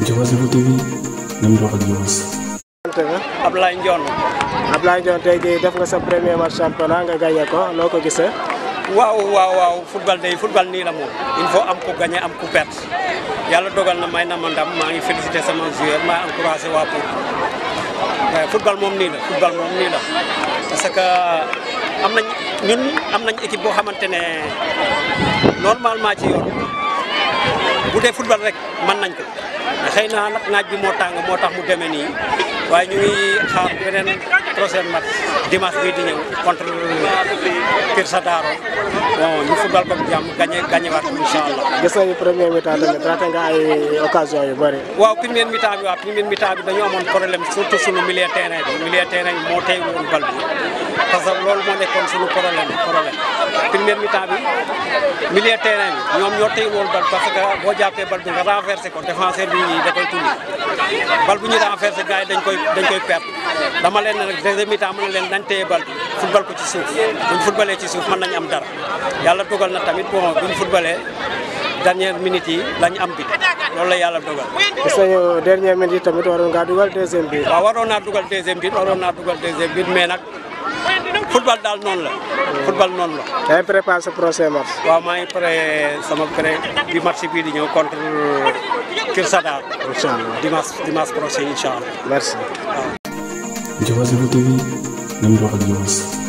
Diobass Info TV nañ dox ak Diobass Ablaye Ndion Ablaye Ndion tay jii def nga sa premier match championnat nga gagné ko noo ko gisee waaw waaw football day football nii la moom il faut am ko gagné am ko perte yàlla dogal na may na ma ndam ngi sama joueur maa encouragé waa pour eh, football mom nii la football mom nii la parce que am nañ ñun am nañ équipe boo normalement ci yoon bu dee football rek mën nañ ko xëy na nag naaj bi moo tàng moo tax mu deme nii waaye ñu xaar beneen prochain di ñëw contre Pirsa Daaro bon ñu football waat incha allah. gis nañu première mi-temps tamit raté nga ay occasion yu bëri. waaw première mi-temps bi waaw mi-temps bi dañoo amoon problème surtout suñu milieu terrain bi milieu terrain bi moo tey nekkoon suñu problème problème première mi-temps bi milieu terrain bi ñoom ñoo tey woon bal parce que boo jàppee bal bi nga renversé ko défenseur bi da koy tulli bal bu ñu renversé gars dañ koy dañ koy perte. dama leen rek deuxième mi-temps mën na leen dañ téye bal bi football ko ci suuf buñ footballee ci suuf mën nañu am dara yàlla dogal na tamit bon buñ footballee dernière minute yi lañ am bi loolu la yàlla dogal. gis nañu dernière minute yi tamit waroon ngaa dugal deuxième bi. waaw waroon naa dugal deuxième bi waroon naa dugal deuxième bi mais nag football daal noonu la. football noonu la. yaa ngi préparé sa prochain match. waaw maa ngi pare sama pré bi match bii di ñëw contre Kër Sadar. incha allah dimanche dimanche prochain incha allah. merci. جواز الرطوبة نمرة الجواز